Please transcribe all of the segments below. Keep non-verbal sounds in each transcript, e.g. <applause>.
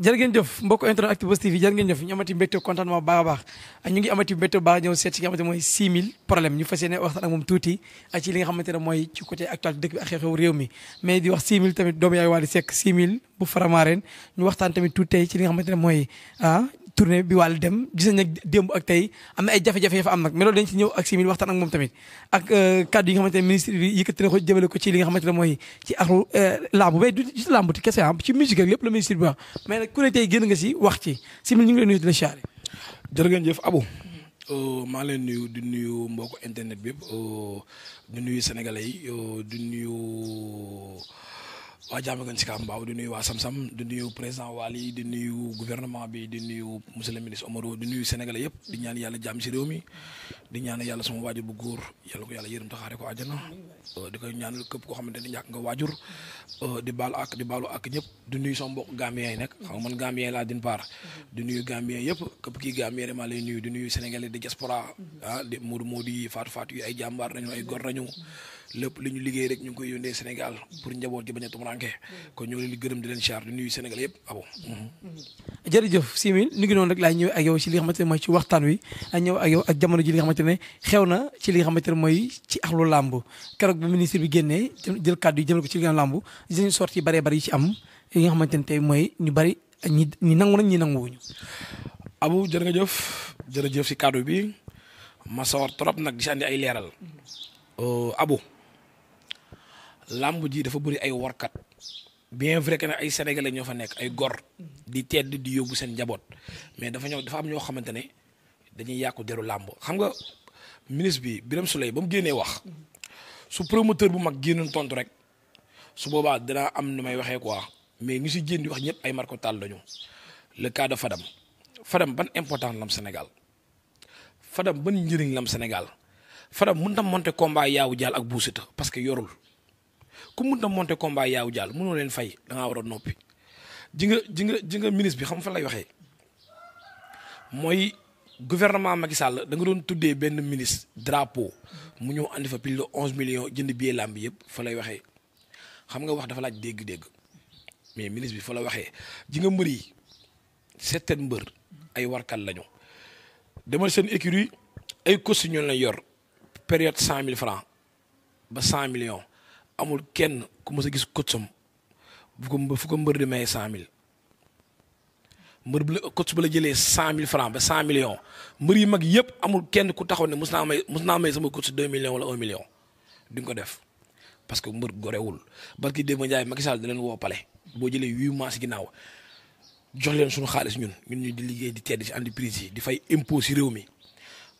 jërë ngeen jëf mbokk internet Actubuzz TV jërë ngeen ñu amati mbégte contentement baax a baax ñu ngi amati mbégte baax ñëw seet ci nga xamante mooy 6000 problème ñu fas waxtaan ak moom tuuti ci li nga xamante ne mooy ci côté actualité dëkk bi ak xew-xew réew mi mais di wax 6000 tamit doomu yaay Wally Seck 6000 bu Faramareen ñu waxtaan tamit tuuti tey ci li nga xamante tournée bi wàll dem gis nañ ne démb ak tey am na ay jafe-jafe ya fa am nag mais loolu dañ ci ñëw ak simili waxtaan ak moom tamit ak euh, kàddu yi nga xamante ministre bi yëkkati na jëmale ko ci li nga xamante mooy ci axlu euh, làmb kese am ah, ci musique lépp la ministre bi wax mais ku ne tey génn nga si wax ci simili ñu ngi lay nuyu di la siyaare jërë ngeen jëf euh, maa leen nuyu di nuyu mbokk internet bi yëpp di nuyu sénégalais yi nuyu waa jàmm gën si kaam mbaaw di nuyu waa Sam-Sam di nuyu président Waly di nuyu gouvernement bi di nuyu monsieur le ministre Omaro di nuyu sénégalais yëpp di ñaan yàlla jàmm si réew mi di ñaan yàlla sama waajur bu góor yàlla ko yàlla yërëm taxaare ko àjjana euh, di koy ñaanal képp koo xamante ni ñàkk nga waajur euh, di baalu ak ak ñëpp di nuyu sama mbokk Gambien yi nag xam nga man Gambien laa din part di nuyu Gambien yëpp képp kii Gambien dama lay nuyu di nuyu sénégalais de diaspora ah di Modou Modou yi Fatou Fatou ay jàmbaar nañu ay gor nañu lépp lu ñu liggéey rek ñu ngi koy yónnee Sénégal pour njaboot gi bañ a tumuranke kon ñoo di gërëm di leen char di nuyu Sénégal yëpp abo mm-hmm. jërëjëf Simil ñu ngi noonu rek laay ñëw ak yow ci li nga xamante mooy ci waxtaan wi ak ñëw ak ak jamono ji li xamante ne xew na ci li xamante ne mooy ci axlu làmb keroog bu ministre bi génnee jël kàddu yi jëmale ko ci li nga làmb dinañ sorti baree ci am yi nga xamante ne tey mooy ñu bari ñi ñi nangu nañ ñi nanguwuñu abu jërëjëf jërëjëf si kàddu bi ma sawar trop nag di si ay leeral mm-hmm. euh, abu làmb jii dafa bëri ay warkat bien vrai que ne ay sénégalais ñoo fa nekk ay gor di tedd di yóbbu seen njaboot mais dafa ñëw dafa am ñoo xamante ne dañuy yàqu deru làmb xam nga ministre bi biram Souleye ba mu génnee wax su promoteur bu mag génnoon tontu rek su boobaa dinaa am nu may waxee quoi mais ñu si génn di wax ñëpp ay marko taal lañu le cas de Fadam Fadam ban important lam Sénégal Fadam ban njëriñ lam Sénégal Fadam mënut tam monter combat yaawu jaal ak buusita parce que yorul. ku mun na monte combat yaaw jàll mënoo leen fay da ngaa war a noppi ji nga ji nga ji nga ministre bi xam fa lay waxee mooy gouvernement Macky Sall da nga doon tuddee benn ministre drapeau mu ñëw andi fa pile de million millions jënd billet làmb yëpp fa lay waxee xam nga wax dafa laaj dégg-dégg mais ministre bi fa la waxee ji nga mbër yi certaines mbër ay warkal lañu demal seen écurie ay costume ñoo lay yor période cent mille francs ba cent millions amul kenn ku mës a gis coacham fu ko fu ko mbër di may cent mille mbër bu la coach ba la jëlee cent mille franc ba cent millions mbër yi mag yëpp amul kenn ku taxaw ne mës naa may mës naa may sama coach deux millions wala un million duñ ko def parce que mbër gorewul barki démb Ndiaye Macky Sall dina leen woo pale boo jëlee huit mois si ginnaaw jox leen suñu xaalis ñun ñun ñu di liggéey di tedd si entreprise yi di fay impôt si réew mi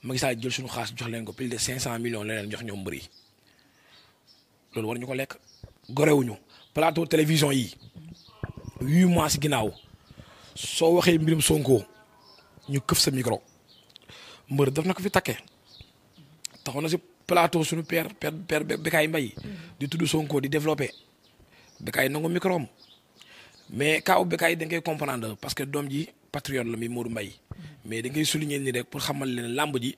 Macky Sall jël suñu xaalis jox leen yi loolu war ñu ko lekk. gorewuñu plateau télévision yi huit mois si ginnaaw soo waxee mbirum Sonko ñu këf sa micro mbër daf na ko fi takke taxaw na si plateau suñu père père père Bécaye Mbaye di tudd Sonko di développé Bécaye nangu micro am mais kaw Bécaye da ngay comprendre parce que doom ji patriote la mi Modou mbay mais dangay ngay souligner rek pour xamal leen làmb ji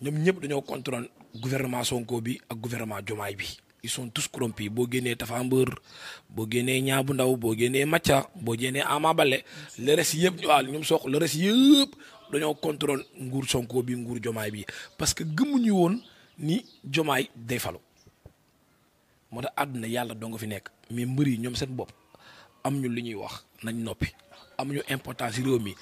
ñoom ñëpp dañoo contrôle gouvernement Sonko bi ak gouvernement jomaay bi. il sont tous corrompus boo génnee Tapha Mbeur boo génnee Niang bu Ndaw boo génnee Macha boo génnee Ama bale le res yëpp waaw ñoom sox la res yëpp dañoo contrôle nguur Sonko bi nguur jomaay bi parce que gëmuñu woon ni jomaay day falu moo tax àdduna yàlla doo nga fi nekk mais mbër yi ñoom seen bopp am ñu lu ñuy wax nañ noppi am ñu importance ci mi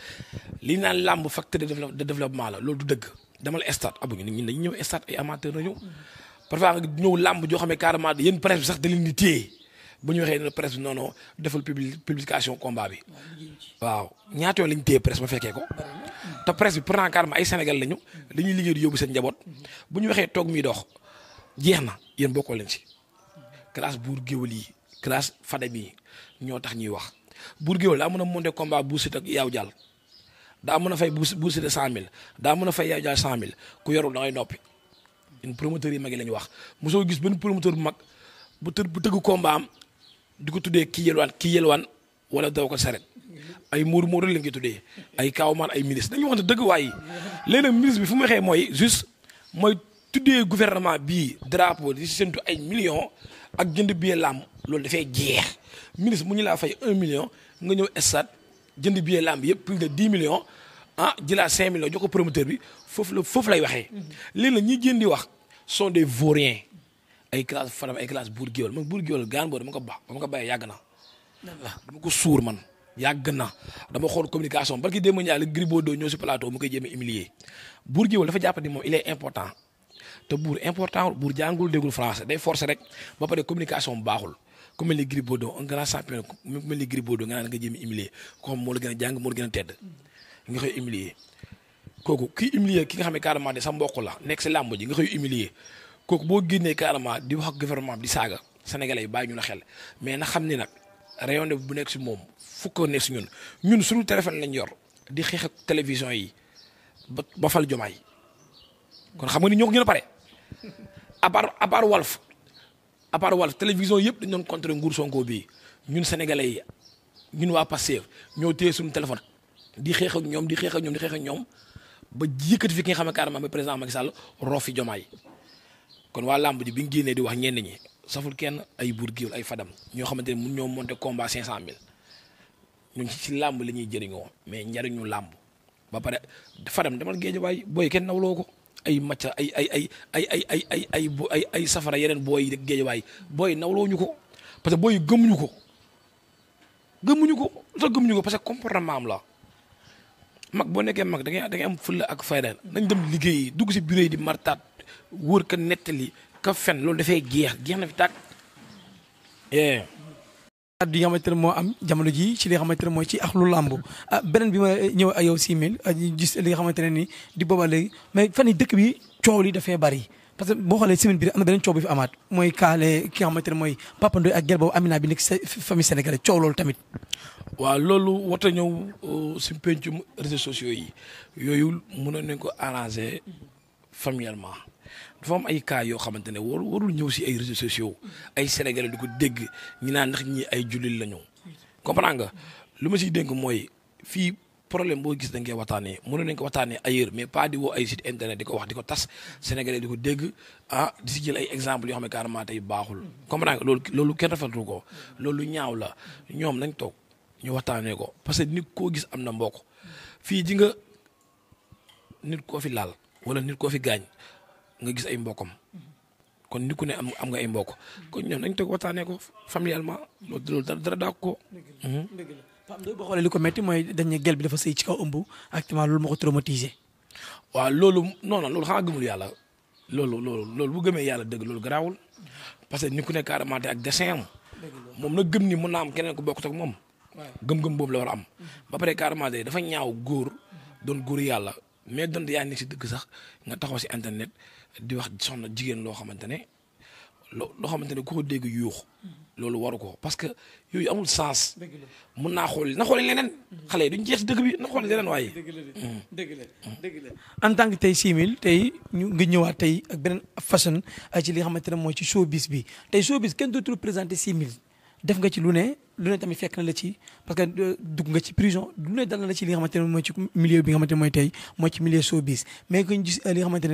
li naan làmb facteur de développement la loolu du dëgg demal stade abuñu nit ñi dañuy ñëw stade ay amateurs la ñëw parfois nga ñëw làmb joo xam ne carrément yéen presse bi sax da leen téye bu ñu waxee ne presse bi defal publi publication combat bi waaw ñaata yoon lañ téye presse ma fekkee ko te presse bi pourtant carrément ay Sénégal lañu dañuy liggéey di yóbbu seen njaboot bu ñu waxee toog muy dox jeex na yéen bokkoo leen si classe buur géwél yi classe fadam yi ñoo tax ñuy wax buur géwél daa mun a monter combat bu sit ak yaaw jàll daa mun a fay bu bu sit cent mille daa mën fay yaaw jàll cent mille ku yorul da noppi ñun promoteurs yi mag yi la ñu wax mosoo gis benn promoteur bu mag bu të bu tëgg combat am di ko tuddee kii yelwaan kii yelwaan wala daw ko saret ay Modou Modou lañ koy tuddee ay Kaawmaan ay ministre dañu wax ne dëgg waaye léegi nag ministre bi fu mu xee mooy juste mooy tuddee gouvernement bi drapeau di séntu ay millions ak jënd billet làmb loolu dafay jeex ministre mu ñu laa fay un million nga ñëw stade jënd billet làmb yëpp plus de dix million ah jëlaat 5 millions jox ko promoteur bi foofu la foofu lay waxee. léegi nag ñi jën di wax son des vauriens ay classe Fadam ay classe buur géwél man buur géwél gaan baax dama ko bàyyee yàgg na. dama ko suur man yàgg na dama xool communication barki démb Ndiaye la Gris Bordeaux ñëw si plateau mu koy jéem a humilier buur géwél dafa jàpp ni moom il est important te buur important buur jàngul day forcer rek ba pare communication baaxul. ku mel ni Gris Bordeaux un nga naan nga jéem a gën a jàng moo la gën a tedd. nga koy humilier kooku kii humilier ki nga xam ne carrément de sa mbokk la nekk si làmb ji nga koy humilier kooku boo génnee carrément di wax ak di saaga sénégalais yi bàyyi ñu la xel mais na xam ni nag rayon bu nekk si moom fukk nekk si ñun ñun suñu téléphone lañ yor di xeex ak télévision yi ba ba fal jomaay kon xam nga ni ñoo ko gën a pare à part Walf télévision yëpp dañ doon contre nguur Sonko bi ñun sénégalais yi ñun waa Pastef ñoo téye suñu téléphone. di xeex ak ñoom di xeex ak ñoom xeex ak ñoom ba yëkkati fi ki nga xam ne carrément mooy président saal Sall fi jomaay kon waa làmb ji bi ñu génnee di wax ñenn ñi saful kenn ay buur géwél ay fadam ñoo xamante ne mun ñoo monté combat 500000 ñun ci làmb la ñuy jëriñoo mais njariñu làmb ba pare fadam demal géej waay booy kenn nawloo ko ay macca ay ay ay ay ay ay ay ay ay ay safara yeneen booy rek géej waay booy nawloo ñu ko parce que booy gëmuñu ko gëmuñu ko sax gëmuñu ko parce que comportement am la. mag boo nekkee mag da ngay da ngay am fulla ak fayda nañ dem liggéeyi dugg si bureau di martaat wóor ka nettali ka fen loolu dafay jeex jeex na fi tàkk. Eh. kàddu yi nga xamante ne moo am jamono ji si li nga xamante ne mooy ci ak lu làmb ah beneen bi ma ñëw a yow si mil ah, gis li nga xamante ne ni di booba mais fan yi dëkk bi coow li dafay bari. parce que boo xoolee semaine bi am amaat mooy kaale ki nga mooy Papa Ndoye ak gel boobu Amina bi nekk famille sénégalaise coow loolu tamit. waaw loolu warta ñëw euh, si pencum réseaux sociaux yooyu mënoon nañ ko arranger familialement dafa ay cas yoo xamante ne warul warul ñëw si ay réseaux sociaux ay sénégal di dégg ñi naan nax ñi ay jullit la ñu nga lu ma siy dénk mooy fii. problème boo gis da ngeen waxtaanee mënoon nañ ko waxtaanee ailleurs mais pas di woo ay site internet di ko wax di ko tas sénégalais di ko dégg ah di si jël ay exemple yoo xam ne carrément tey baaxul. comprendre nga loolu loolu kenn rafetlu ko loolu ñaaw la ñoom nañ toog ñu waxtaanee ko parce que nit koo gis am na mbokk fii ji nga nit koo fi laal wala nit koo fi gaañ nga gis ay mbokkam kon nit ku ne am am nga ay mbokk kon ñoom nañ toog waxtaanee ko familialement loolu dara Pape Ndoye boo xoolee li ko métti mooy dañ ne gel bi dafa sëy ci kaw ëmb actuellement loolu moo ko traumatisé. waaw loolu non non loolu xanaa gëmul yàlla loolu loolu loolu bu gëmee yàlla dëgg loolu garaawul parce que ni ku ne carrément ak dessin am moom na gëm ni mën naa am keneen ku bokkut ak moom. gëm-gëm boobu la war a am. ba pare carrément dafa ñaaw góor doon góor yàlla mais donte yaa ngi si dëgg sax nga taxaw si internet di wax soxna jigéen loo xamante loo loo ko dégg yuux loolu waru ko parce que yooyu amul sens. mën naa xool na xool leneen. xale yi duñ jeex na xool leneen waaye. dëgg la mm. dëgg la dëgg la en tant que tey simil tey ñu ngi ñëwaat tey ak beneen façon euh, ci li nga xamante ne mooy ci showbiz bi tey showbiz kenn dootul présenté mille def nga ci lu ne lu ne tamit fekk na la ci parce que euh, dugg nga ci prison lu ne na la ci li nga xamante ne mooy ci milieu bi nga xamante mooy tey mooy ci milieu showbiz mais que ñu gis euh, li nga xamante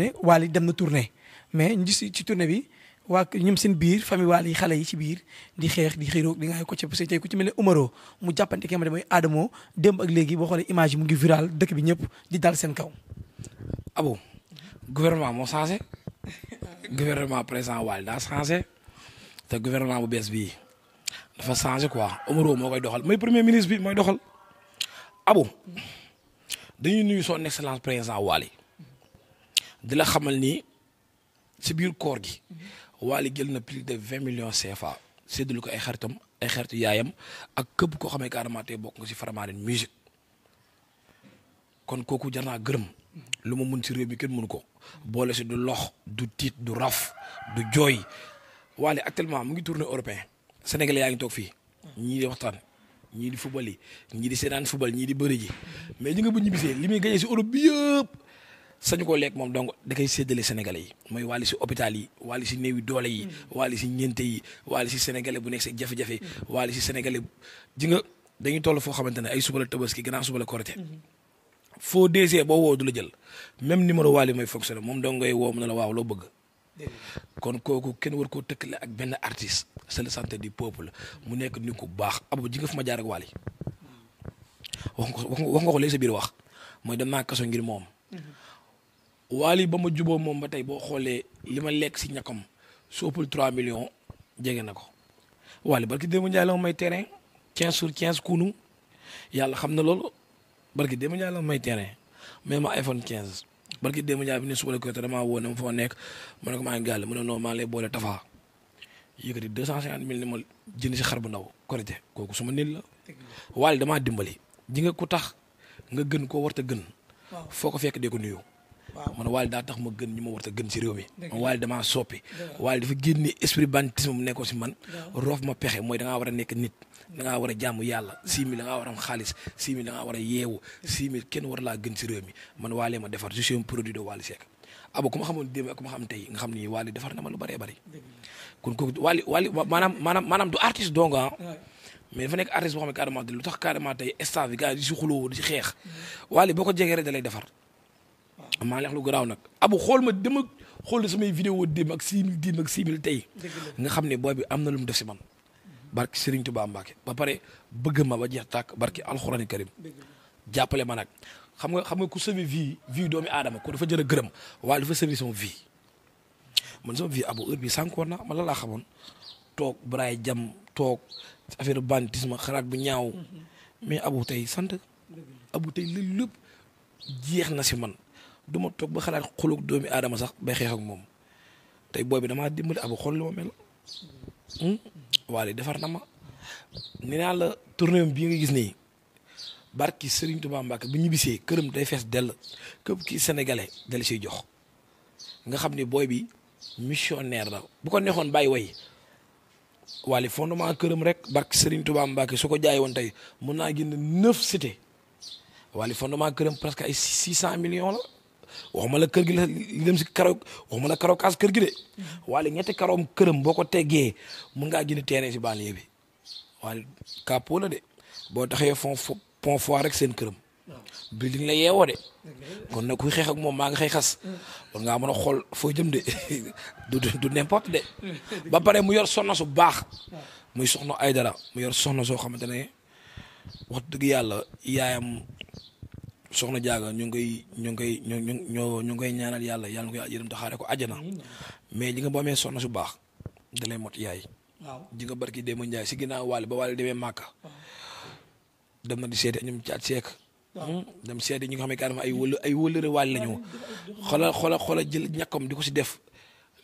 na tournée mais ñu gis ci bi. waa ñoom seen biir famille waal yi xale yi ci biir di xeex di xiiroog di ngaay ko ca parce ku ci mel ne Umaro mu jàppante ki nga mooy Adamo démb ak léegi boo xoolee image yi mu ngi viral dëkk bi ñëpp di dal seen kaw. abo gouvernement moo changé gouvernement président Wally daa changé te gouvernement bu bees bii dafa changé quoi Umaro moo koy doxal mooy premier ministre bi mooy doxal abo dañuy nuyu son excellence président Wally di la xamal ni si biir koor gi. Wally jël na plus de vingt millions CFA séddale ko ay xaritam ay xaritu yaayam ak këpp koo xam ne carrément tey bokk nga si Faramarin musique kon kooku jar naa gërëm lu ma mun si réew mi kenn mënu ko boole si du lox du tiit du raf du jooy Wally actuellement mu ngi tournée européen sénégalais yaa ngi toog fii ñii di waxtaan ñii di football yi ñii di seetaan football ñii di bëri ji mais ñu bu ñibbisee li muy gagné si Europe bi yëpp sañu ko lekk moom donc da kay séddale sénégalais yi mooy wàllu si hôpital yi wàllu si néewi doole yi mm. wàllu si ñeente yi wàllu si sénégalais bu nekk si jafe-jafe mm. wàllu si sénégalais ji nga dañuy toll foo xamante ne ay suba la tabaski gannaaw suba la korite mm-hmm. foo DG boo woo du la jël même numéro Wally mooy fonctionné moom dong ngay woo mu a la waaw loo bëgg kon kooku kenn war koo tëkk la ak benn artiste c'est le santé du peuple mu nekk nit ku baax abu ji nga fu ma jaar ak Wally mm. wax nga ko wax biir wax mooy dem naa ngir moom Wally ba ma juboo moom ba tey boo xoolee li ma lekk si ñàkkam su ëppul 3 millions jege na ko Wally barki démb Ndiaye la may terrain 15 sur 15 kunu xam na loolu barki démb Ndiaye ma may mais ma iPhone 15 barki démb Ndiaye bi ne suba la ko damaa woo ne foo nekk ma ne ko maa ngi gàll mu ne non maa lay boole Tafa yëkkati 250 mille ni ma jënd si xar bu ndaw korite kooku suma nit la. Wally damaa dimbali ji ko tax nga gën koo warta gën. foo ko fekk dee ko nuyu. waaw man Wally daa tax ma gën ñi ma a gën ci réew mi man Wally damaa soppi Wally dafa génne esprit banditisme mu nekkoon ci man roof ma pexe mooy da ngaa a nekk nit da ngaa a jaamu yàlla six mille da ngaa a am xaalis six mille da a yeewu six kenn war laa gën ci réew mi man Wally ma defar je suis de Wally Seck abo ku ma xamoon démb ak ku xam tey nga xam ni Wally ma lu bëree bëri kon kooku Wally Wally maanaam maanaam maanaam du artiste dong ah mais dafa nekk artiste boo xam ne carrément tey staff yi di si xuloo di si xeex mm. Wally boo ko jegee rek da maa leex lu garaaw nag abu xool ma dama xool samay vidéo démb ak six mille démb ak six mille tey nga xam ne booy bi am na lu mu def si man barki Serigne Touba Mbacke ba pare bëgg ma ba jeex tàkk barki alxuraani karim jàppale ma nag xam nga xam nga ku sauver vie vie doomi adama ko dafa jërë gërëm waaye dafa sauver sama vie man sama vie abu heure bi sànkoon na ma la laa xamoon toog braay jam toog affaire banditisme xalaat bu ñaaw mhm. mais abu tey sant abu tey lépp jeex na si man du ma toog ba xalaat xuluk doomi adama sax bay xeex moom tey booy bi damaa dimbali abu xool li ma hmm? defar na ma nee naa la tournée bii nga gis nii barki sëriñ Touba Mbacke bi ñibbisee këram day fees dell képp kii sénégalais dala siy jox nga xam ni booy bi missionnaire la bu ko neexoon bàyyi way waale fondement këram rek barki Serigne Touba Mbacke soo ko jaay woon tey mun naa génn neuf cité waale fondement këram presque ay six cent millions la. waxuma la kër gi la li dem si karo waxuma la karo kaas kër gi de waale ñetti karoom këram boo ko teggee mun nga jënd terrain si banlieue bi waale capot la de boo taxee fond pont foire rek seen këram building la yeewoo de kon nag kuy xeex ak moom maa ngi xëy xas war ngaa mën a xool foo jëm de <laughs> du n'importe de ba pare mu yor soxna su baax muy soxna Aydara mu yor soxna soo xamante ne wax dëgg yàlla yaayam soxna jaaga ñoo ngi koy ñu ngi koy ñu ngi ñu ngi koy ñaanal yàlla yàlla na ko ko àjjana mais li nga boo amee su baax da lay yaay. waaw ji nga barki Demba Ndiaye si ginnaaw waale ba waale demee Màkka. dem na di seeti ñoom caat seek. Hmm? dem seeti ñi nga xam ne carrément ay wël ay wëllëre waale lañu. xoolal xoolal xoolal jël ñàkkam di ko si def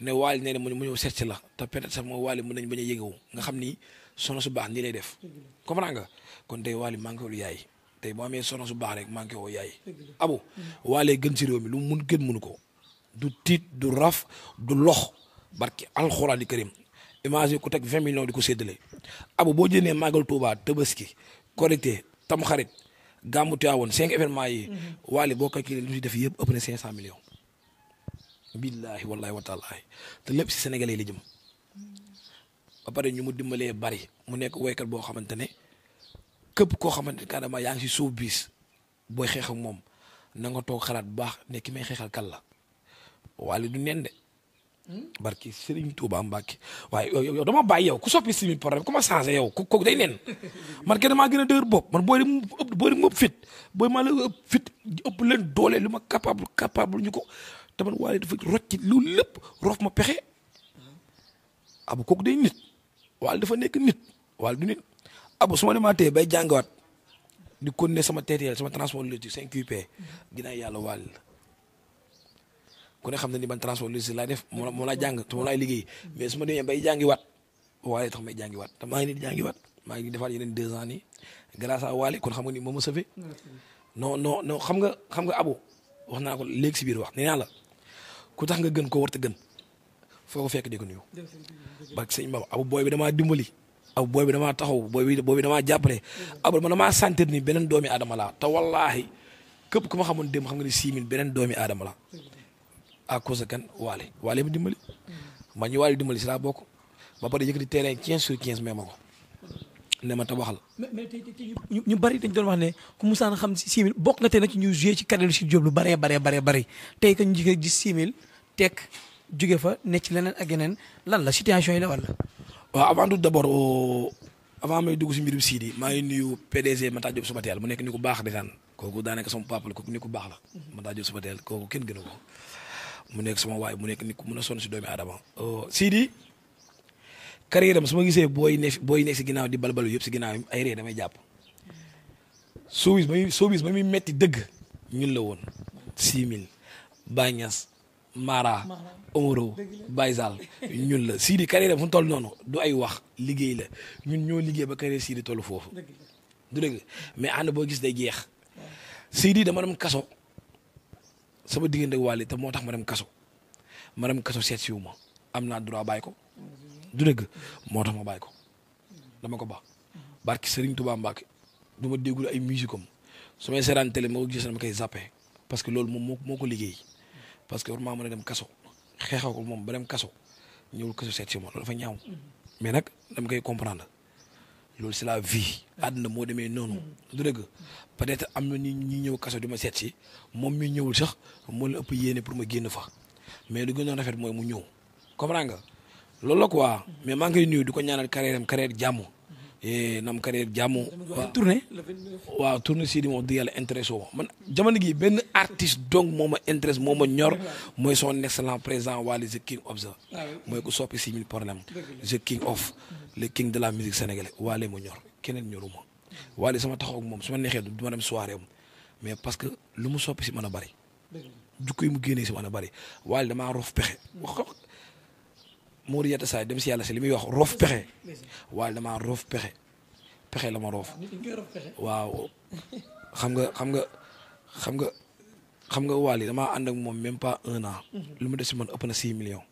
ne waale nee na mu ñëw seet si la te peut-être sax mooy nañ bañ a yëgewu nga xam ni soxna su baax nii lay def. comprends nga kon tey waale maa ngi yaay. tey boo amee soxna su baax rek manqué woo yaay abu mm-hmm. waalee gën ci lu mun gën mënu ko du tiit du raf du lox barki alxuraan di karim image yi ku teg vingt millions di ko séddale abu boo jënee màggal Tuubaa Tabaski Korité Tamxarit gàmmu Tiwaawoon cinq événements yi mm-hmm. waale boo calculé lu ci def yëpp ëpp na cinq cent millions billaahi wallaahi wa taalaahi te lépp si sénégalais la jëm mm-hmm. ba pare ñu mu dimbalee bari mu nekk woykat boo xamante ne këpp koo xamante ne dama yaa ngi si suuf biis booy xeex ak moom nanga nga toog xalaat bu baax nekk may xeexal kalla la waale du nen de. Hmm? barki Serigne Touba Mbacke waaye yow dama bàyyi yow ku soppi simi problème ku ma changé yow ku kooku day <laughs> man kenn maa gën a dëgër bopp man booy fit booy maa la ëpp fit ëpp leen doole lu ma capable capable ñu ko te man waale dafa rocc ci loolu ma pexe hmm? abu kooku day nit waale dafa nekk abu ah, su ma demaatee bay jàngiwaat di continuer sama TTL sama transport logistique 5QP ginnaaw yàlla wàll ne xam na ni ban transport logistique laay def moom la moom laa jàng te moom laay liggéey mais ma demee bay jàngiwaat waaye tax may jàngiwaat te maa ngi nii jàngiwaat maa ngi defaat yeneen deux ans nii grâce a Waly kon xam nga ni moom ma safee non xam nga xam nga abu wax naa ko léegi si biir wax nee naa la ku tax nga gën koo war te gën foo ko fekk di ko nuyu. barke sëñ Baba abu booy bi damaa dimbali. a booy bi damaa taxaw booy bi booy bi damaa jàppale abul ma damaa ni beneen doomi aadama la te wallaahi képp ku ma xamoon démb xam nga ni six mille beneen doomi aadama la à cause de kan waale waale ma dimbali ma ñu waale dimbali si laa bokk ba pare yëkkati terrain ma ko ne ma tabaxal mais mais tey ñu bari dañ doon wax ne ku musaan xam si six mille bokk nga tey nag ñu joué ci carrière si Diop lu baree baree baree bari tey mille tekk jóge fa ne ci leneen ak yeneen lan la situation yi la wala waaw avant tout d'abord euh, avant may dugg si mbirum Sidi maa ngi nuyu PDG Matar Diop Subatel mu nekk ni ku baax desaan kooku daanaka sama papa la kooku ni ku baax la Matar Diop Subatel kooku kenn gënu mu nekk sama waay mu nekk ni ko mën a sonn si doomi aadama euh, Sidi carrière am su ma gisee booy ne booy nekk si ginnaaw di balbalu yëpp si ginnaaw ay ree damay jàpp soobis ba muy soobis metti dëgg ñun la woon six mille Bañas Mara Omaro Baye Sall ñun la Sidi carrière fu mu toll noonu du ay wax liggéey la ñun ñoo liggéey ba carrière Sidi toll foofu. du dëgg mais ànd boo gis day jeex Sidi dama dem kaso sama diggante wàll moo tax ma dem kaso ma dem kaso wu ma am naa droit bàyyi ko du moo tax ma bàyyi ko dama ko baax barki Serigne Touba Mbacke du ma déggul ay musique am ma seeraan télé ma ko gis dama koy zappé parce que loolu moom moo ko liggéey. parce que war maa mën a dem kaso xeexoo ko moom ba dem kaso ñëwul kaso seet si ma loolu dafa ñaaw. Mm-hmm. mais nag dama kay comprendre loolu c'est la vie. àdduna moo demee noonu. Mm-hmm. du dëgg peut-être am na ñu ñuy ñëw kaso di ma seet si moom mi ñëwul sax moo la ëpp yéene pour ma génn fa mais lu gën a rafet mooy mu ñëw comprendre nga loolu la quoi. Mm-hmm. mais maa ngi koy nuyu di ko ñaanal carrière am jàmm. E, nam carrière jàmm. waaw tournée waaw tournée si di moom di yàlla intéressé woo man jamono gi benn artiste donc moo ma intéresse moo ma ñor mooy son excellent président Wally the king of the ah mooy ku soppi six mille the king de la musique sénégalaise Wally ma ñor keneen ñoruma Wally sama taxaw ak moom su ma neexee du dem soirée am mais parce que lu mu soppi si mën a bëri jukko yi mu génnee si mën a bëri Wally damaa rof pexe Mourou Yatta Saay dem si yàlla si li muy wax roof pexe waaye damaa roof pexe pexe la ma roof. waaw xam nga xam nga xam nga xam nga waal damaa ànd moom même pas un an. Mhm. lu mu si man ëpp na six millions.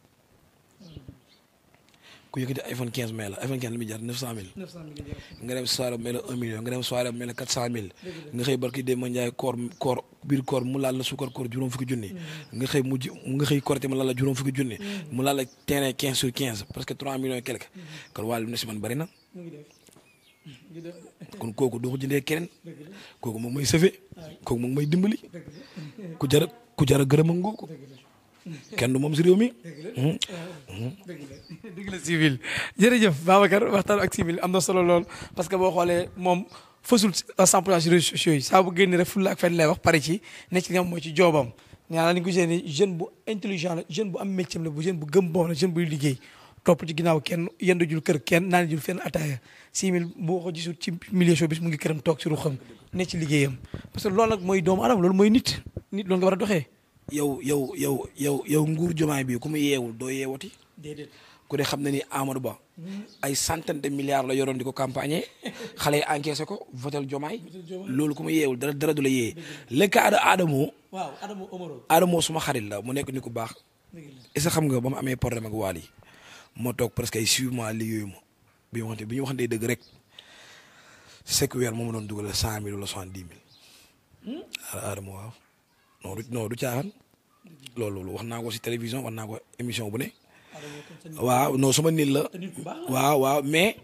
ku yëkkati iPhone 15 may la iPhone 15 li muy jar 900000. 900000 nga dem soirée may la 1 million nga dem soirée may la 400000. nga xëy barki démb koor koor biir koor mu laal la suukar koor juróom fukki junni. Mm-hmm. nga xëy mujj nga xëy korité mu laal la juróom fukki junni. Mm-hmm. mu laal la terrain 15 sur 15 presque 3 millions quelque. Mm-hmm. kon waa li mu ne si man kon kooku doo ko jëndee kooku moom may sëfe a a kenn du moom si réew mi. dëgg la dëgg la civil jërëjëf Babacar waxtaan ak civil am na solo lool parce que boo xoolee moom fasul à 100 pour cent réseaux sociaux yi saa bu génn rek fulla ak fenn wax pare ci ne ci nga mooy ci joobam. ñaanal ni ko gisee ni bu intelligent la jeune bu am métier la bu jeune bu gëm boom la jeune buy liggéey. topp ci ginnaaw kenn yendu jul kër kenn naan jul fenn ataaya six mille boo ko gisul ci milieu showbiz mu ngi këram toog si ruxam ne ci liggéeyam parce que loolu nag mooy doomu aadama loolu mooy nit nit war a doxee. yow yow yow yow yow nguur jumaay bi ku mu yeewul doo yeewati. déedéet ku ne xam na ni Amadou Ba. ay centaine de la yoroon di ko campagne <laughs> xale yi encaissé ko votel jomaay loolu ku mu yeewul dara dara du la yee. lëkkaada Adamo. waaw Adamo suma xarit la mu nekk ni ku baax. est xam nga ba mu amee problème ak waal yi moo toog mois liggéeyu ma bi ñu bi ñu waxantee dëgg rek sekk weer ma doon dugal cent mille wala soixante dix mille. Hmm? Adamo waaw. non du non loolu wax naa ko si télévision wax naa ko émission bu ne. waaw non sama nit la. waaw waaw mais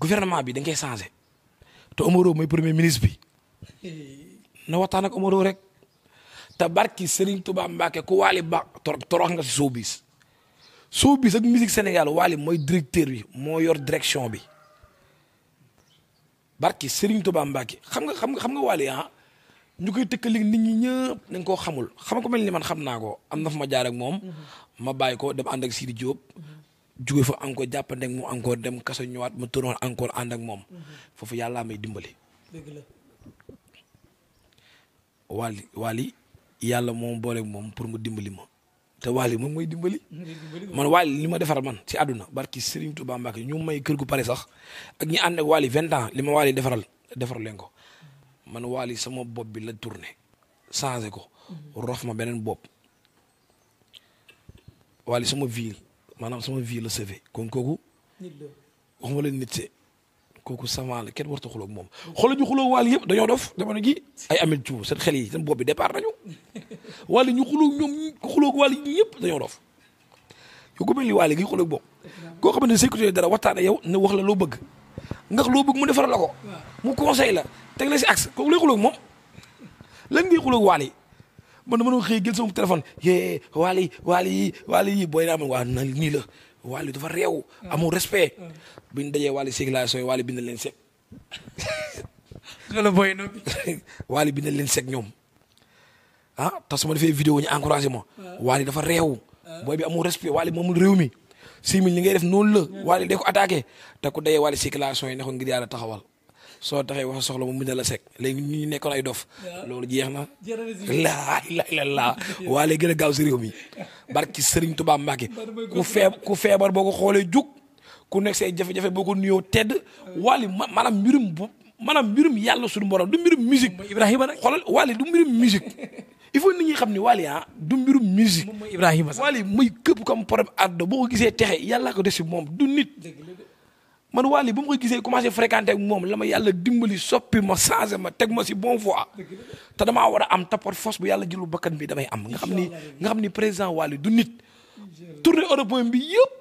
gouvernement bi dañ koy changé. te Omaro mooy premier ministre bi. <laughs> na waxtaan ak Omaro rek. te barki Serigne Touba Mbacke ku waali ba torox nga si showbiz showbiz ak musique Sénégal waali mooy directeur bi moo yor direction bi barki Serigne Touba Mbacke xam nga xam nga xam nga waali ah ñu koy tëkkaleeg nit ñi ñëpp dañ koo xamul xam ko mel ni man xam naa ko am na fu ma jaar ak moom. Mm-hmm. ma bàyyi ko dem ànd ak Sidi Diop. Mm-hmm. jóge fa encore jàppante ak moom encore dem kaso ñëwaat ma tournoon encore ànd ak moom. Mm-hmm. foofu yàlla may dimbali. dëgg la. yàlla moom booleeg moom pour mu dimbali ma. te Wally moom mooy dimbali. man Wally li ma defar man ci àdduna barki Serigne Touba Mbacke ñu may kër gu pare sax ak ñi ànd ak Wally vingt ans li ma Wally defaral defaral leen ko. man waali sama bopp bi la tourné changé ko mhm. rof ma beneen bopp waali sama vie maanaam sama vie la sauvé kon kooku ma leen nit se kooku savant la kenn warta xuloog moom xolo ñu xuloog waali yëpp dañoo dof jamono gi ay amel ciu seen xel yi seen bopp bi départ nañu <laughs> waali ñu xuloog ñoom ku xuloog waali ñëpp dañoo dof yow ku mel waali gi xuloog bo koo xamante ne sécurité dara waxtaan ak yow ne wax la loo bëgg ngax loo bëgg mu defaral la ko mu conseil la teg la si axe kooku luy xuloog moom lan ngay xuloog waal yi man dama doon xëy jël sama yi waal yi waal yi booy naa na nii la waal dafa réew. amul respect. bu ñu dajee waal yi seeg laa sooy waal yi bind leen seeg. <laughs> loolu <laughs> leen seeg ñoom ah te su ma defee vidéo ñu encouragé ma. dafa reew booy bi amul respect waal moom moomul réew mi. 6 mi li ngay def noonu la. waal yi day ko attaqué te ku dajee waal yi circulation yi nekkoon ngir yàlla taxawal. soo taxee wax soxla mu mën la sec léegi ñu nekkoon ay dof. loolu jeex na. laa ilaaha illallaah waa waale gën a gaaw si réew mi barki Serigne Touba Mbacke ku fee ku feebar boo ko xoolee jug ku nekk say jafe-jafe boo ko nuyoo tedd wali maanaam mbirum bu maanaam mbirum yàlla suñu borom du mbirum musique. Ibrahima nag xoolal wali du mbirum musique il faut nit ne wali ah du mbirum musique. moom mooy Ibrahima sax wali muy képp comme problème àdduna boo ko gisee texe yàlla ko def si moom du nit. man Wally bu ma ko gisee commencé fréquenté ak moom la ma yàlla dimbali soppi ma changé ma teg ma si bon voie te damaa war a am tapot force bu yàlla jëlu bakkan bi damay am nga xam ni nga xam ni président Wally du nit tournée européen bi yëpp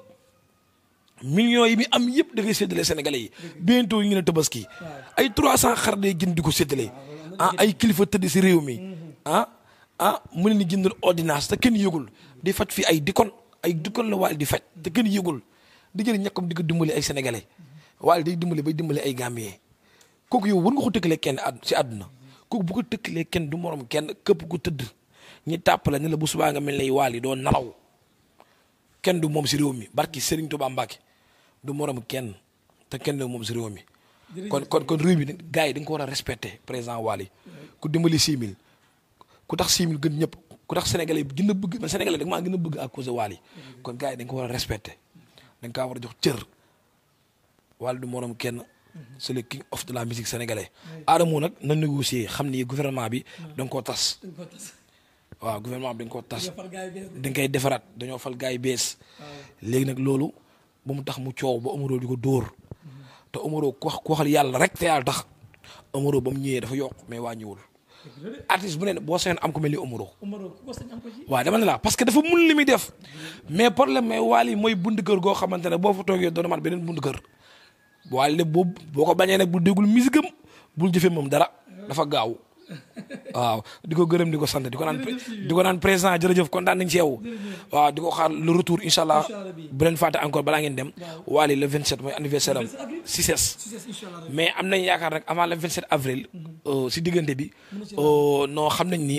millions yi mi am yëpp dafay séddale sénégalais yi bientôt ñu ne tabaski ay 300 xar day jënd di ko séddale ah, ah ay kilifa tëdd si réew mi mm-hmm. ah ah mu ne ni jëndal ordonnance te kenn yëgul di fat fi ay dikkoon ay dikkoon la Wally di faj te kenn yëgul di jël ñàkkam di ko dimbali ay sénégalais waaye day dimbali ba dimbali ay gambien kooku yow war nga ko tëkkalee kenn ad si àdduna kooku bu ko tëkkalee kenn du moroom kenn képp ku tëdd ñi tàppale ne la bu subaa nga mel lay waal yi doo nalaw kenn du moom si réew mi barki Serigne Touba Mbacke du moroom kenn te kenn du moom si réew mi. kon kon kon réew mi gars yi da ko war a respecté président Waly ku dimbali 6000 ku tax simil gën ñëpp ku tax sénégalais yi gën a bëgg man sénégalais da maa gën a bëgg à cause de yi da ko war a respecté. da nga kaa war a jox cër Wally du moroom kenn c'est le king of de la musique sénégalaise Adamo nag na négocier xam ni gouvernement bi ah. danga koo tas waaw gouvernement bi da koo tas da nga koy defaraat dañoo fal gars yi bees ah. léegi nag loolu bu mu tax mu coow ba Omaro di ko dóor mm-hmm. te Omaro ku wax ku yàlla rek te yàlla tax Omaro ba mu ñëwee dafa yokk mais wàññiwul artiste bu ne boo sañoon am ko mel ni Omaro waaw dama ne la parce que dafa mun li muy def mais problème may Wally mooy bunt kër goo xamante ne boo fa toogee doon beneen bunt kër Wally nag boobu boo ko naan di ko jërëjëf kontaan nañ ci waaw di xaar le retour incha allah bu encore balaa ngeen dem Wally le 27 mooy anniversaire am 6 mais am nañ yaakaar nag avant le 27 avril mhm. Euh, si diggante bi euh, non xam nañ ni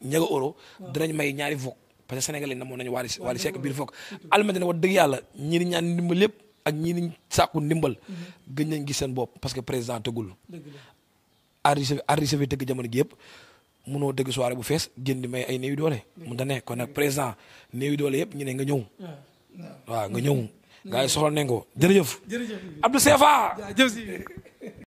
ñaga euh, euro dinañ may ñaari vogue parce que sénégalais na moon nañu Wally Wally Seck biir vogue almadina wax dëgg yàlla ñii ni ñaan ndimbal lépp ak ñii ni mhm. ne kon nga ñëw ah, nga soxla nañ ko jërëjëf Abdou Sefa